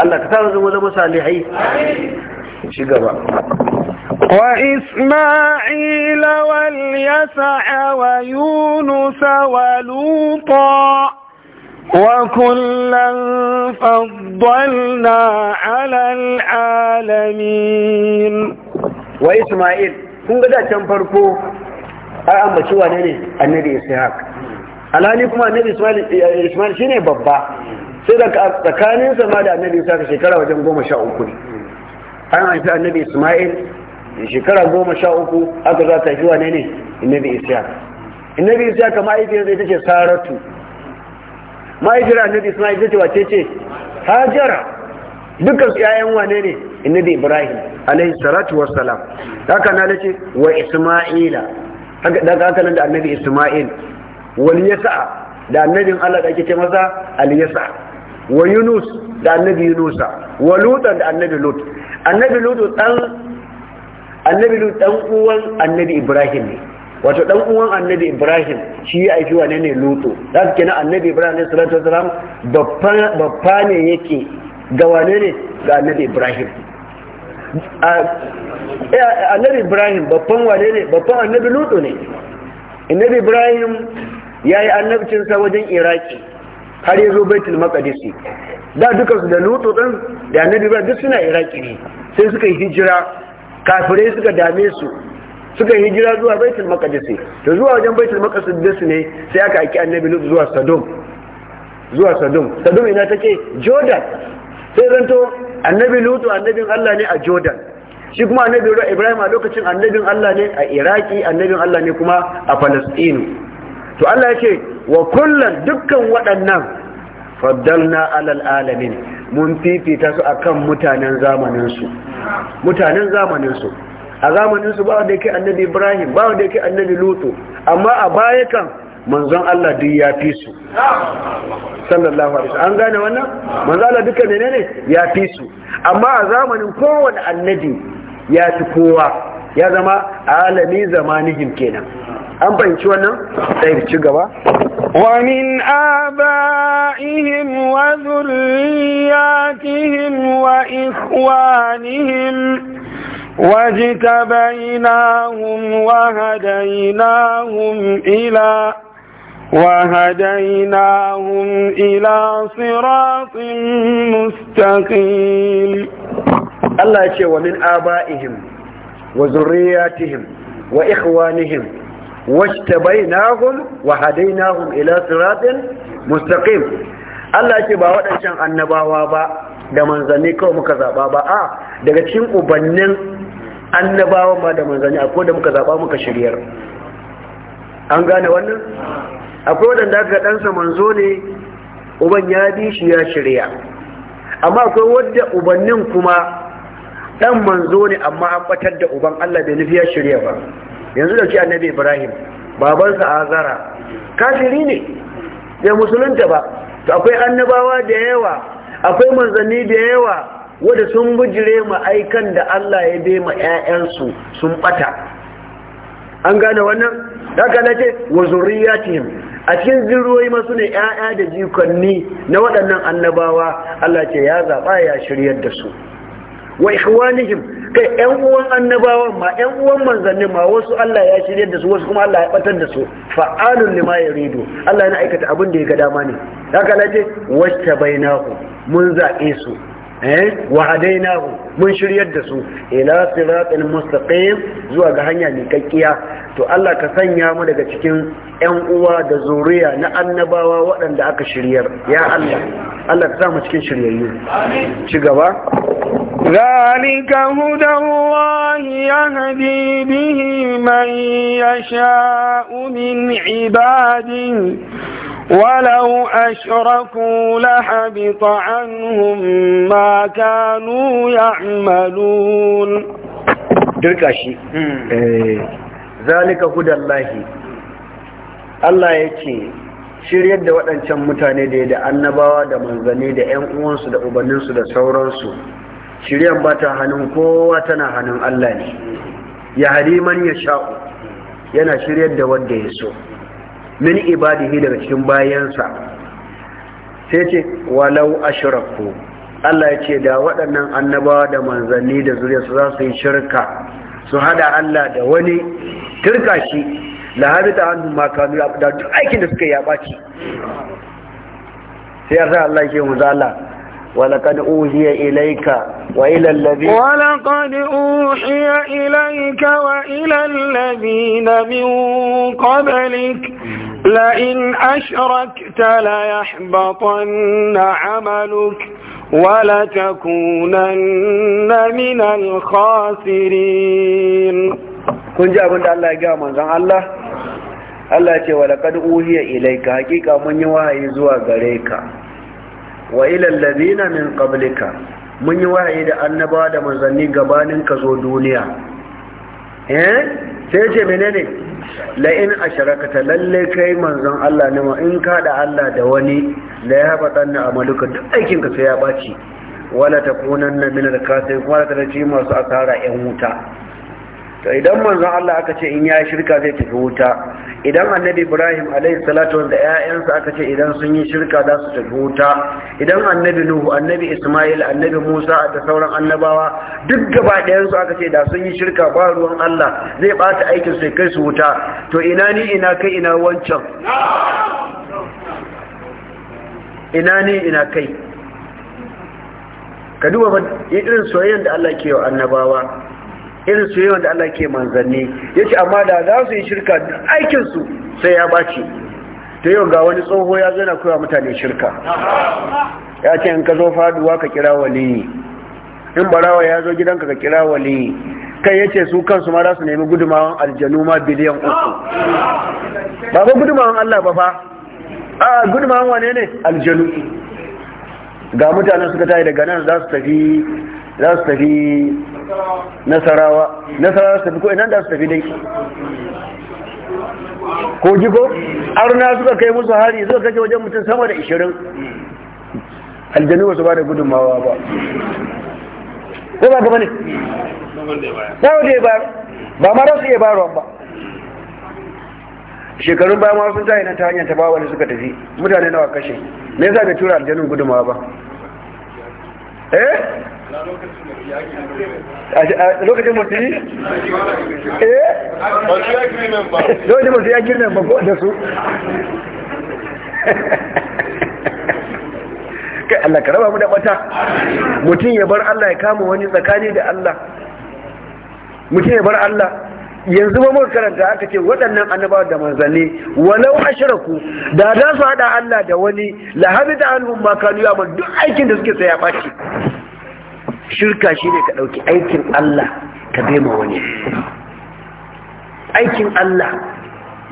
Allah ka samu zama salihai shi gaba وإسماعيل واليسع ويونس ولوطا وكلا فضلنا على العالمين وإسماعيل kun ga dacen farko ai ambaci wane ne annabi ishaq alhali kuma annabi ismail shine babba sai da tsakanin sama da annabi ishaq shekara wajen goma sha uku ne an haifi annabi ismail shekara goma sha uku aka za ta fiwa ne ne annabi ishaq bi ishaq kama aifiyar zai tace saratu ma'aifiyar annabi isma'il ita ce wace ce hajara dukkan su yayan wane ne bi ibrahim alaihi salatu Da haka na ce wa isma'ila daga haka nan da annabi isma'il wal yasa da annabin Allah da ake ce masa aliyasa wa yunus da annabi yunusa wa lutan da annabi lut annabi lut dan annabi lu dan uwan annabi ibrahim ne wato dan uwan annabi ibrahim shi ya aiki wane ne lutu za su kenan annabi ibrahim alaihi wasallam wasalam babba ne yake ga wane ne ga annabi ibrahim eh, annabi ibrahim babban wane ne babban annabi lutu ne annabi ibrahim ya yi annabcinsa wajen iraki har ya zo baitul maqdisi da dukansu da lutu din da annabi ibrahim duk suna iraki ne sai suka yi hijira kafirai suka dame su suka hijira zuwa baitul maqdis to zuwa wajen baitul maqdis ne sai aka aiki annabi lut zuwa sadum zuwa sadum sadum ina take jordan sai zanto annabi lutu annabin Allah ne a jordan shi kuma annabi ibrahim a lokacin annabin Allah ne a iraki annabin Allah ne kuma a palestine to Allah ya wa kullan dukkan waɗannan faddalna alal alamin mun fifita su akan mutanen zamaninsu mutanen zamaninsu a zamaninsu ba wanda yake annabi ibrahim ba wanda yake annabi lutu amma a baya kan manzon Allah duk ya fi su sallallahu alaihi an gane wannan manzon Allah duka menene ya fi su amma a zamanin kowane annabi ya fi kowa ya zama alami zamanihim kenan an fahimci wannan sai ci gaba ومن آبائهم وذرياتهم وإخوانهم واجتبيناهم وهديناهم إلى وهديناهم إلى صراط مستقيم الله يقول ومن آبائهم وذرياتهم وإخوانهم wajtabainahum وهديناهم الى ila مستقيم الله Allah ce ba waɗancan annabawa ba da manzanni kawai muka zaba ba a daga cikin ubannin annabawa ba da manzanni akwai da muka zaba muka shiryar an gane wannan akwai wanda aka ɗansa manzo ne uban ya bi shi ya shirya amma akwai wadda ubannin kuma ɗan manzo ne amma an ɓatar da uban Allah bai nufi ya shirya ba yanzu da ke annabi ibrahim babansa azara kafiri ne da musulunta ba to akwai annabawa da yawa akwai manzanni da yawa wadda sun bujire ma'aikan da Allah ya bai ma 'ya'yansu sun bata an gane wannan daga na ce wa a cikin zirroyi masu ne 'ya'ya da jikonni. na waɗannan annabawa Allah ce ya zaɓa ya shiryar da su wa ikhwanihim kai yan uwan annabawan ma 'yan'uwan uwan manzannin ma wasu Allah ya shirye da su wasu kuma Allah ya batar da su fa'alun lima yuridu Allah yana aikata abin da ya ga dama ne haka lace wasta bainahu mun zaɓe su Eh? wa hadainahu mun shiryar da su ila siratal mustaqim zuwa ga hanya miƙaƙƙiya to Allah ka sanya mu daga cikin yan uwa da zuriya na annabawa waɗanda aka shiryar ya Allah Allah ka sa mu cikin shiryayyu ci gaba ذلك هدى الله يهدي به من يشاء ولو أشركوا لحبط عنهم ما كانوا يعملون دركا شيء ذلك هدى الله الله يكي shiryar da waɗancan mutane da da annabawa da manzanni da 'yan uwansu da ubanninsu da sauransu shiryar ba ta hannun kowa tana hannun Allah ne ya hariman ya sha'u yana shiryar da wanda ya so min ibadihi daga cikin bayansa sai ce walau ashraku Allah ya ce da waɗannan annabawa da manzanni da zuriya su za su yi shirka su hada Allah da wani turka shi la habita anhum ma kanu da duk aikin da suka yi ya baci sai yasa Allah ya ce mu Allah ولقد أوحي إليك وإلى الذين ولقد أوحي إليك وإلى الذين من قبلك لئن أشركت ليحبطن عملك ولتكونن من الخاسرين kun ji abin da Allah ya gaya manzon Allah Allah ce wa laqad uhiya ilayka hakika mun yi wahayi zuwa gare ka wa ila allazina min qablika mun yi wahayi da annabawa da manzanni gabanin ka zo duniya eh sai ce menene la'in asharakata lalle kai manzon Allah ne ma in ka Allah da wani la ya haɓa ɗanna a maluka duk aikinka sai ya ɓaci wala ta kunan na minar kasai kuma ta da masu asara 'yan wuta to idan manzon Allah aka ce in ya shirka zai tafi wuta idan annabi Ibrahim alaihi salatu da ƴaƴansa aka ce idan sun yi shirka za su tafi wuta idan annabi Nuhu annabi Ismail annabi Musa da sauran annabawa duk gaba ɗayan su aka ce da sun yi shirka ba ruwan Allah zai bata aikin sai kai su wuta to ina ni ina kai ina wancan ina ni ina kai ka duba irin soyayyar da Allah ke wa annabawa irin su yawan da Allah ke manzanni ya ce amma da za su yi shirka aikinsu sai ya ɓaci ta yau ga wani tsoho ya zana kuwa mutane shirka ya ce in ka zo faduwa ka kira waliyi in barawa ya zo gidanka ka kira waliyi kai ya ce su kansu ma za su nemi gudumawan aljanu ma biliyan uku ba ba gudumawan Allah ba fa a gudumawan wane ne aljanu ga mutanen suka tayi daga nan za su tafi nasarawa nasarawa su tafi ko ina da su tafi dai ko jiko arna suka kai musu hari suka kashe wajen mutum sama da 20 aljanu wasu ba da gudunmawa ba ko ba gaba ne dawo da ya bayar ba ma rasu iya bayarwa ba shekarun bayan wasu ta nan ta hanyar ta bawa wani suka tafi mutane nawa kashe me yasa bai tura aljanun gudunmawa ba eh lokacin mutu yi? eh? lokacin mutu ya girnan ba da su kai Allah ka raba mu da bata mutum ya bar Allah ya kama wani tsakani da Allah mutum ya bar Allah yanzu ba muka karanta aka ce waɗannan annabawa da manzanni walau ashraku da za su hada Allah da wani la habita anhum ma kanu ya'mal duk aikin da suke sai ya baci shirka shi ne ka ɗauki aikin Allah ka bema wani aikin Allah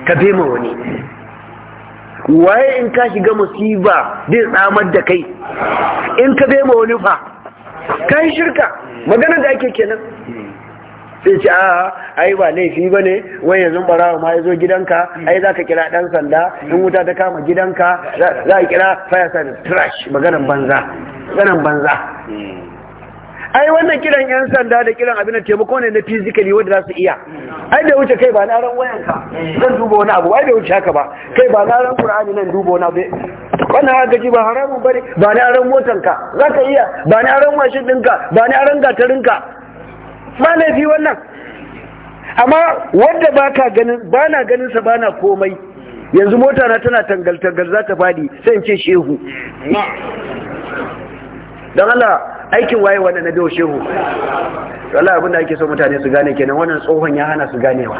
ka bema wani waye in ka shiga musiba zai tsamar da kai in ka bema wani fa ka yi shirka magana da ake kenan sai ce aha ai ba laifi ba ne Wani yanzu barawa ma ya zo gidanka ai za ka kira ɗan sanda in wuta ta kama gidanka za a kira fire service trash maganan banza maganan banza ai wannan kiran yan sanda da kiran abin da taimako ne na physically wanda za su iya ai da wuce kai ba na ran wayanka zan duba wani abu ai da wuce haka ba kai ba na ran qur'ani nan duba wani abu wannan haka ji ba haramun bane ba na ran motanka ka iya ba na ran mashin dinka ba na ran gatarinka ba fi wannan amma wanda baka ganin bana ganin sa bana komai yanzu mota na tana tangal tangal za ta fadi sai in ce shehu don Allah aikin waye wannan na biyo shehu Wala abin da ake so mutane su gane kenan wannan tsohon ya hana su ganewa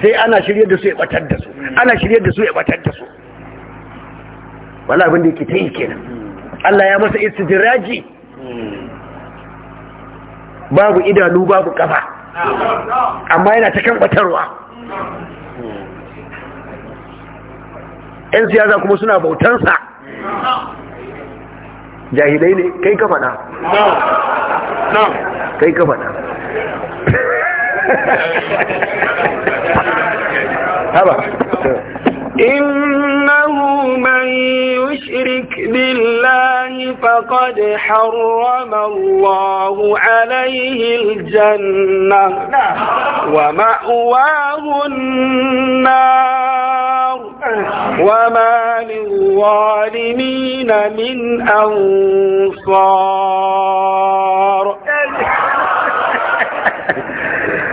sai ana shirye da su ya batar da su ana shirye da su ya batar da su wala abin da yake ta kenan Allah ya masa istidraji babu idanu babu kafa amma yana ta kan batarwa yan siyasa kuma suna bautansa jahilai ne kai ka faɗa kai ka faɗa haba إنه من يشرك بالله فقد حرم الله عليه الجنة ومأواه النار وما للظالمين من أنصار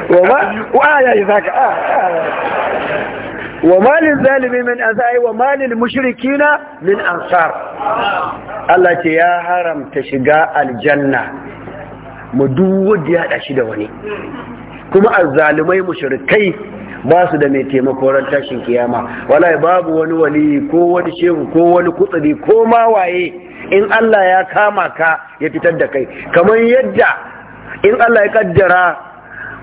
وما وآية ذاك آه آه wa malin zalimi min azai wa malin mushrikina min ansar Allah ce ya haramta shiga aljanna mu duk wanda ya hada shi da wani kuma azzalimai mushrikai ba su da mai taimako ran tashin kiyama wallahi babu wani wali ko wani shehu ko wani kutsari ko ma waye in Allah ya kama ka ya fitar da kai kamar yadda in Allah ya kaddara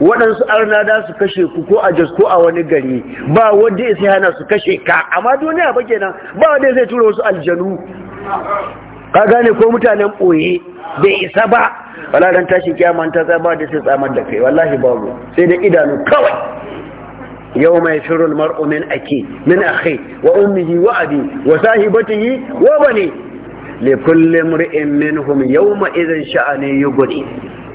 waɗansu arna da su kashe ku ko a jos ko a wani gari ba wanda ya sai hana su kashe ka amma duniya ba kenan ba wanda zai tura wasu aljanu ka gane ko mutanen ɓoye bai isa ba wala dan tashi kiyama ta tsaba da sai tsamar da kai wallahi babu sai da idanu kawai Yau mai min يوم wa المرء wa أكي wa أخي wa وأبي وصاحبته وبني لكل امرئ منهم يومئذ sha'ani يغني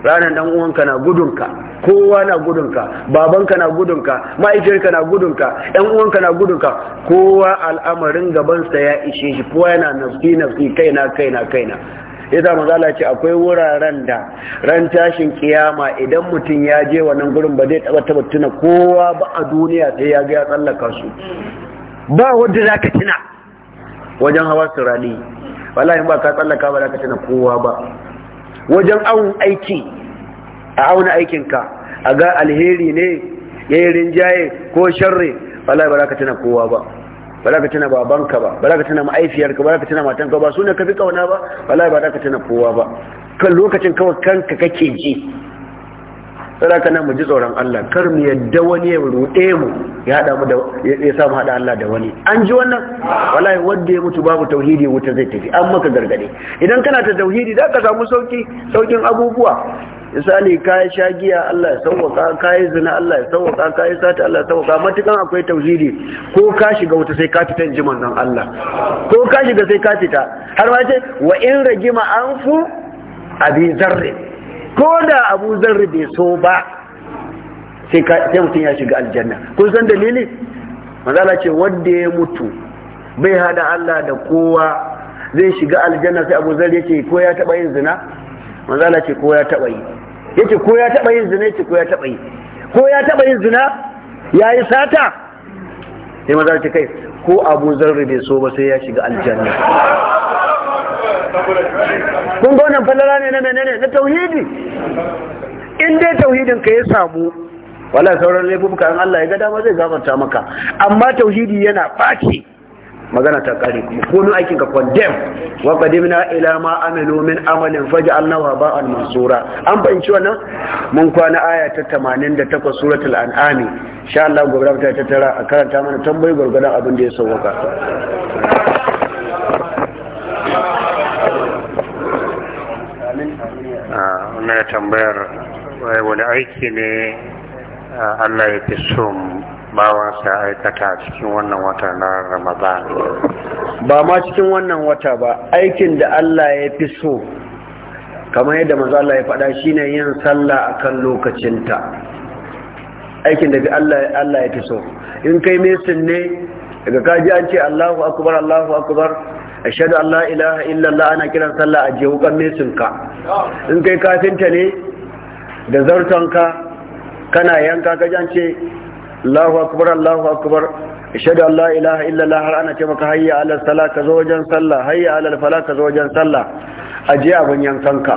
ranar dan uwanka na gudunka kowa na gudunka babanka na gudunka ma'aikiyarka na gudunka yan uwanka na gudunka kowa al'amarin gabansa ya ishe shi kowa yana nafsi nafsi kaina kaina kaina yasa manzala ce akwai wuraren da ran tashin kiyama idan mutum ya je wannan gurin ba zai taba taba kowa ba a duniya sai ya ga ya tsallaka su ba wanda zaka tuna wajen hawa surani wallahi ba ka tsallaka ba zaka tuna kowa ba wajen awon aiki a auna aikinka a ga alheri ne ya yi rinjaye ko sharri wallahi ba za ka tana kowa ba ba za ka tana babanka ba ba za ka tana ma'aifiyarka ba za ka tana matanka ba su ne ka fi kauna ba wallahi ba za ka tana kowa ba kan lokacin kawai kanka kake ji saboda kana mu ji tsoron Allah kar mu yadda wani ya ruɗe mu ya hada mu da ya samu hada Allah da wani an ji wannan wallahi wanda ya mutu babu tauhidi wuta zai tafi an maka gargade idan kana ta tauhidi za ka samu sauki saukin abubuwa misali kai shagiya Allah ya sauka kai zina Allah ya sauka kai sata Allah ya sauka matukan akwai tauhidi ko ka shiga wuta sai ka fita jiman nan Allah ko ka shiga sai ka fita har ma ce wa in ragima anfu abi zarrin ko da abu zarri bai so ba sai mutum ya shiga aljanna kun san dalili mazala ce wanda ya mutu bai hada Allah da kowa zai shiga aljanna sai abu zarri ce ko ya taba yin zina mazala ce ko ya taba yi ce ko ya taba yin zina ce ko ya taba yi ko ya taba yin zina Ya yi sata sai mazala ce kai ko abu zarri bai so ba sai ya shiga aljanna kun ga wannan falala ne na menene na tauhidi in dai tauhidin ka ya samu wala sauran laifuka in Allah ya ga dama zai gafarta maka amma tauhidi yana baki magana ta kare kuma kono aikin ka condemn wa qadimna ila ma amilu min amalin wa ba'al mansura an bayyana wannan mun kwana aya ta 88 suratul an'am insha Allah gobe ta ta a karanta mana tambayi gurgurdan abin da ya sauka Ah, wannan tambayar wani aiki ne ah, Allah ya fi so bawansa aikata cikin wannan wata na Ramadan. Ba ma cikin wannan wata ba, aikin da Allah ya fi so, kamar yadda maza Allah ya faɗa shine yin sallah akan lokacinta. Aikin da Allah ya fi so. In kai mesin ne, daga kaji an ce Allahu Akbar, Allahu Akbar, ashadu Allah, la ilaha illallah ana kiran sallah a jewukan nesinka in kai kafinta ne da zartonka kana yanka ka jance Allahu akbar Allahu akbar ashadu Allah, la ilaha illallah har ana ce maka hayya ala sallah ka zo wajen sallah hayya ala falah ka zo wajen sallah aje abun yankanka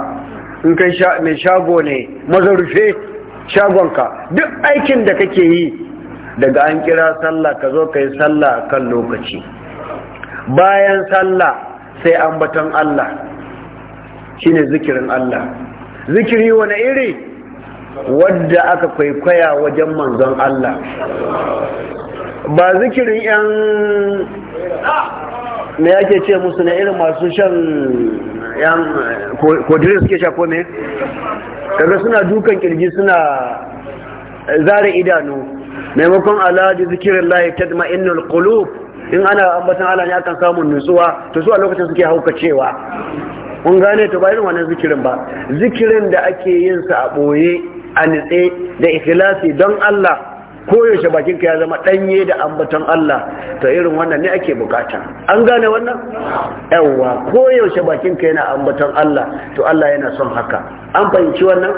in kai mai shago ne mazarufe shagonka duk aikin da kake yi daga an kira sallah ka zo ka yi sallah kan lokaci bayan sallah sai an ambaton Allah shine zikirin Allah zikiri wani iri wadda aka kwaikwaya wajen manzon Allah ba zikirin yan me yake ce musu na irin masu shan yan kodirin suke sha kome kaga suna dukan kirji suna zare idanu maimakon alhaji zikirin layi ta dama inul in ana ambatan Allah ne akan samun nutsuwa to zuwa lokacin suke haukacewa kun gane to ba irin wannan zikirin ba zikirin da ake yin sa a boye a nitse da ikhlasi don Allah koyaushe bakin ka ya zama danye da ambaton Allah to irin wannan ne ake bukata an gane wannan yawa koyaushe bakin ka yana ambatan Allah to Allah yana son haka an fahimci wannan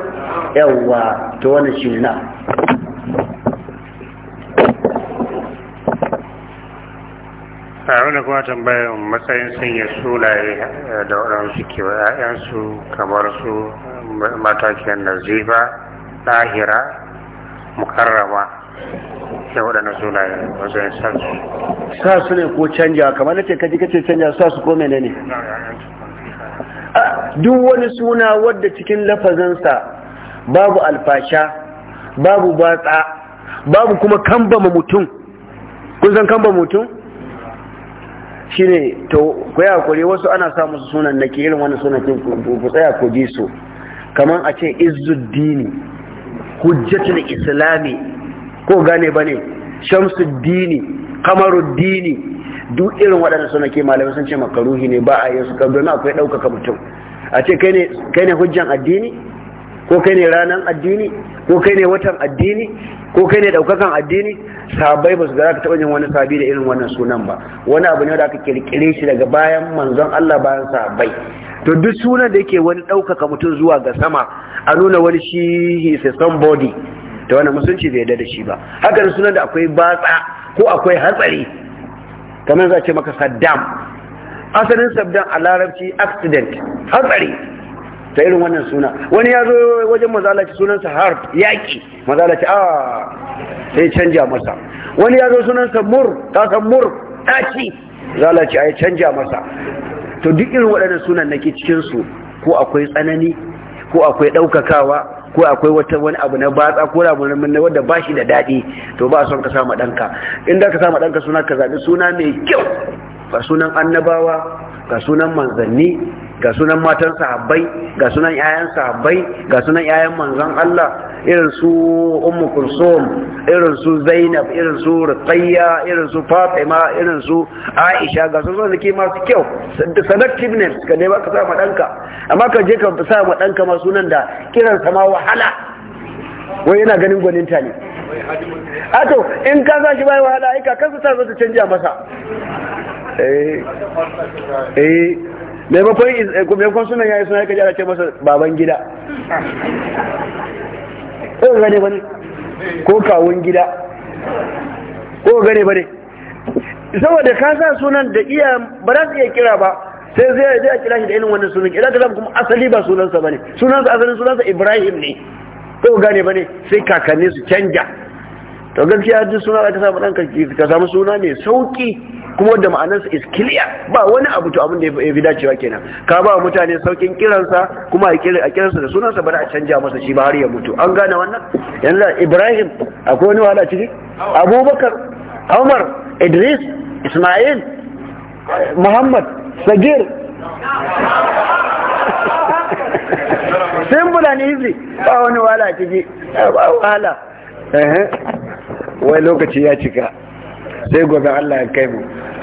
yawa to wannan shi na a kuma tambayar matsayin sanya sulaye eh, da waɗansu ke wa 'ya'yansu kamar su eh, matakin nazifa ɗahira mukarrama da waɗannan sunaye matsayin sansu sa su ne ko canja kamar nace kaji kace canja sa su ne ne ah, duk wani suna wadda cikin lafazinsa babu alfasha babu batsa babu kuma kambama mutum kun san kambama mutum shine to ku yi hakuri wasu ana sa musu sunan nake irin wani sunan ku tsaya ku ji su kamar a ce izzuddini hujjatul islami ko gane bane shamsuddini kamaruddini duk irin waɗannan sunan ke malamai sun ce makaruhi ne ba a yi su domin akwai ɗaukaka mutum a ce kai ne hujjan addini ko kai ne ranar addini ko kai ne watan addini ko kai ne daukakan addini Sabai ba su ga ka taba jin wani sabi da irin wannan sunan ba wani abu ne da aka kirkire shi daga bayan manzon Allah bayan sabai. to duk sunan da yake wani ɗaukaka mutum zuwa ga sama a nuna wani shi is somebody to wani musulunci bai da shi ba haka da sunan da akwai batsa ko akwai hatsari kamar za ce maka saddam asalin saddam a larabci accident hatsari ta irin wannan suna wani ya zo wajen mazalaci sunansa harb yaƙi mazalaci a ah, sai canja masa wani ya zo sunansa mur kasan mur ɗaci zalaci a ya canja masa to duk irin waɗannan sunan nake cikinsu ko akwai tsanani ko akwai ɗaukakawa ko akwai wata wani abu na batsa ko abu na wanda ba shi da daɗi to ba son ka sama ɗanka in da ka sama ɗanka suna ka zaɓi suna mai kyau ga sunan annabawa ga sunan manzanni ga sunan matan sahabbai ga sunan 'ya'yan sahabbai ga sunan 'ya'yan manzon Allah irin su ummu kulsum irin su zainab irin su ruqayya irin su fatima irin su aisha ga su zuwa ke masu kyau selective names ka dai baka sa ma danka amma ka je ka sa ma danka ma sunan da kiran sa ma wahala wai yana ganin gwaninta ne ato in ka sa shi bai wahala ai kakan sa ta zo ta canja masa eh eh Eh, maimakon sunan yayi suna kaji ana ce masa baban gida ko gane bane ko kawun gida ko gane bane saboda ka sa sunan da iya ba za su iya kira ba sai zai zai a kira shi da irin wannan sunan idan kalam kuma asali ba sunansa bane sunansa asalin sunansa Ibrahim ne ko gane bane sai kakanni su canja to gaskiya duk suna da ka samu ɗan ka samu suna mai sauki kuma wanda ma'anarsa is clear ba wani abu to abin da ya fi dacewa kenan ka ba mutane saukin kiransa kuma a kiransa da sunansa ba a canja masa shi ba har ya mutu an gane wannan yanzu ibrahim akwai wani wahala ciki abubakar umar idris ismail muhammad sagir simple and easy ba wani wahala ciki ba wahala wai lokaci ya cika sai gobe Allah ya kai mu